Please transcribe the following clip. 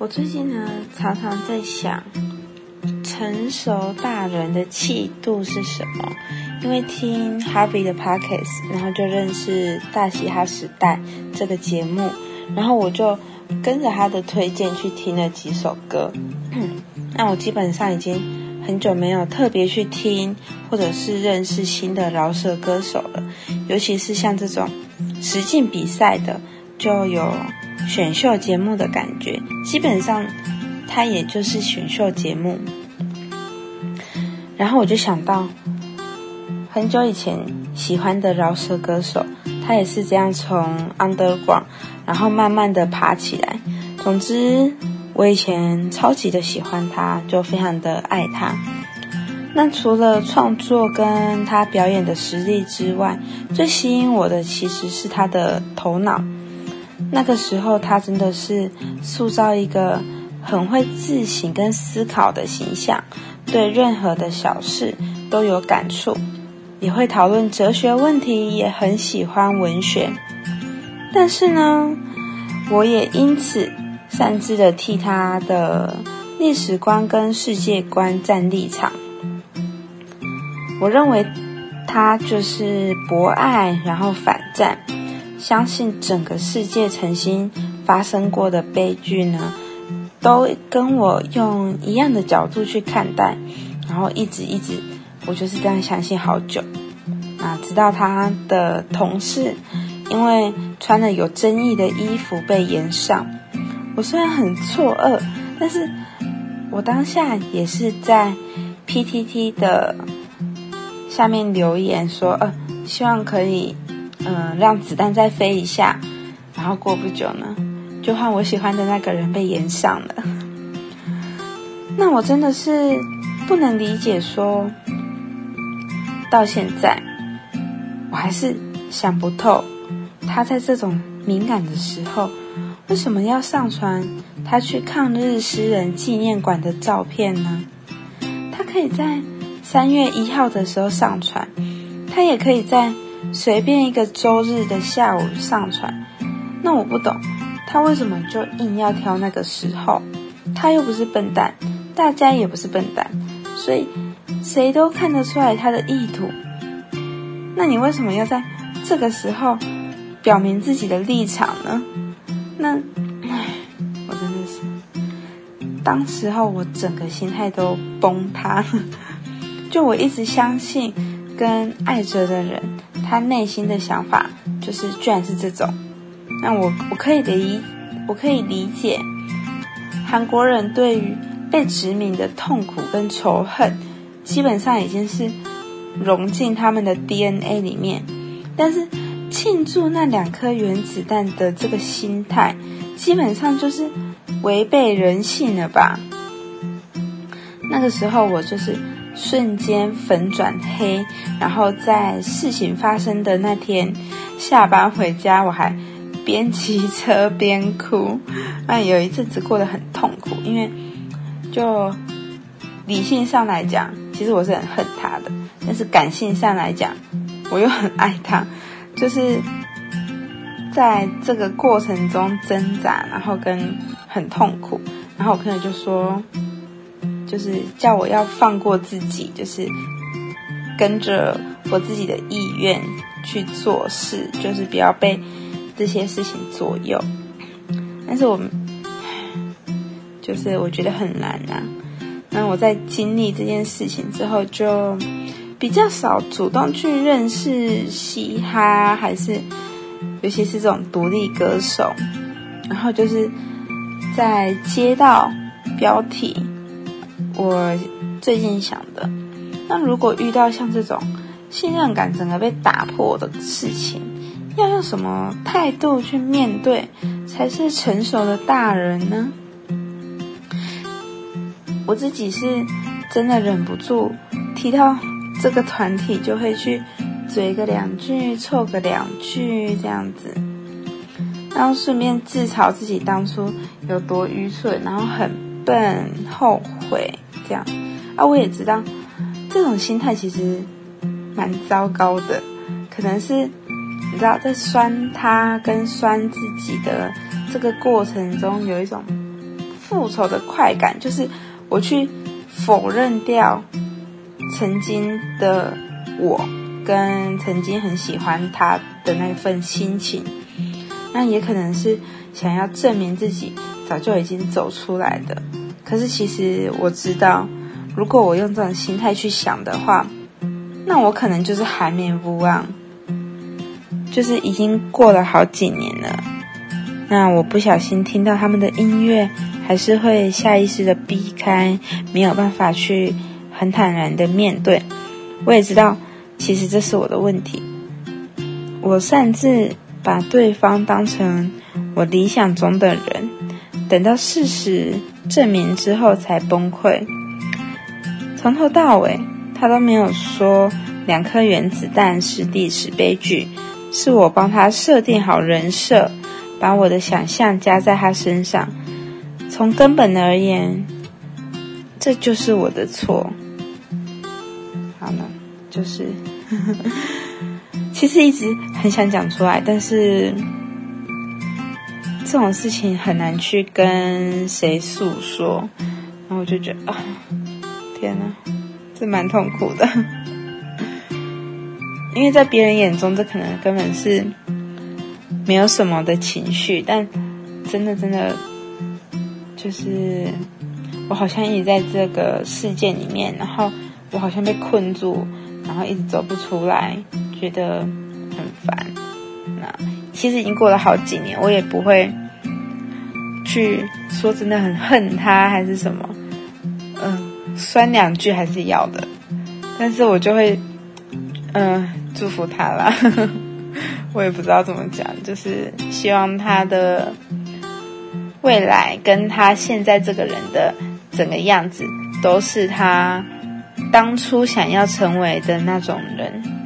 我最近呢，常常在想，成熟大人的氣度是什麼？因為聽 Harvey 的 Podcast，然後就認識《大嘻哈時代》這個節目，然後我就跟着他的推薦去聽了幾首歌。那我基本上已經很久沒有特別去聽，或者是認識新的饒舌歌手了，尤其是像這種實境比賽的，就有選秀節目的感覺，基本上，他也就是選秀節目。然後我就想到，很久以前喜歡的饒舌歌手，他也是這樣從 underground，然後慢慢的爬起來。總之，我以前超級的喜歡他，就非常的愛他。那除了創作跟他表演的實力之外，最吸引我的其實是他的頭腦。那個時候，他真的是塑造一個很會自省跟思考的形象，對任何的小事都有感觸，也會討論哲學問題，也很喜歡文學。但是呢，我也因此擅自的替他的歷史觀跟世界觀站立場。我認為他就是博愛，然後反戰。相信整個世界曾經發生過的悲劇呢，都跟我用一樣的角度去看待，然後一直一直，我就是這樣相信好久啊，直到他的同事因為穿了有爭議的衣服被炎上，我雖然很錯愕，但是我當下也是在 PTT 的下面留言說，呃，希望可以。嗯、呃，讓子彈再飛一下，然後過不久呢，就換我喜歡的那個人被炎上了。那我真的是不能理解說，說到現在我還是想不透，他在這種敏感的時候為什麼要上傳他去抗日詩人紀念館的照片呢？他可以在三月一號的時候上傳，他也可以在。隨便一個周日的下午上傳，那我不懂，他為什麼就硬要挑那個時候？他又不是笨蛋，大家也不是笨蛋，所以誰都看得出來他的意圖。那你為什麼要在這個時候表明自己的立場呢？那，唉，我真的是，當時候我整個心態都崩塌， 就我一直相信跟愛着的人。他內心的想法就是，居然是這種，那我我可以理，我可以理解，韓國人對於被殖民的痛苦跟仇恨，基本上已經是融進他們的 DNA 裡面，但是慶祝那兩顆原子彈的這個心態，基本上就是違背人性了吧？那個時候我就是。瞬間粉轉黑，然後在事情發生的那天下班回家，我還邊騎車邊哭。那有一陣子過得很痛苦，因為就理性上來講，其實我是很恨他的；但是感性上來講，我又很愛他。就是在這個過程中掙扎，然後跟很痛苦。然後我朋友就說。就是叫我要放過自己，就是跟着我自己的意願去做事，就是不要被這些事情左右。但是我，我就是我覺得很難啊。那我在經歷這件事情之後，就比較少主動去認識嘻哈、啊，還是尤其是這種獨立歌手。然後就是在接到標題。我最近想的，那如果遇到像這種信任感整個被打破的事情，要用什麼態度去面對才是成熟的大人呢？我自己是真的忍不住提到這個團體，就會去嘴個兩句，湊個兩句這樣子，然後順便自嘲自己當初有多愚蠢，然後很笨，後悔。這樣，啊，我也知道，這種心態其實蠻糟糕的，可能是你知道，在酸他跟酸自己的這個過程中，有一種復仇的快感，就是我去否認掉曾經的我跟曾經很喜歡他的那份心情，那也可能是想要證明自己早就已經走出來的。可是，其實我知道，如果我用這種心態去想的話，那我可能就是還念念不忘，就是已經過了好幾年了。那我不小心聽到他們的音樂，還是會下意識的避開，沒有辦法去很坦然的面對。我也知道，其實這是我的問題，我擅自把對方當成我理想中的人。等到事實證明之後才崩潰，從頭到尾他都沒有說兩顆原子彈是歷史悲劇，是我幫他設定好人設，把我的想象加在他身上。從根本而言，這就是我的錯。好了，就是，呵呵，其實一直很想講出來，但是。這種事情很難去跟誰訴說，然後我就覺得啊，天哪，這蠻痛苦的。因為在別人眼中，這可能根本是沒有什麼的情緒，但真的真的就是我好像一直在這個事件裡面，然後我好像被困住，然後一直走不出來，覺得。其實已經過了好幾年，我也不會去說真的很恨他還是什麼，嗯、呃，酸兩句還是要的，但是我就會嗯、呃、祝福他啦， 我也不知道怎麼講，就是希望他的未來跟他現在這個人的整個樣子都是他當初想要成為的那種人。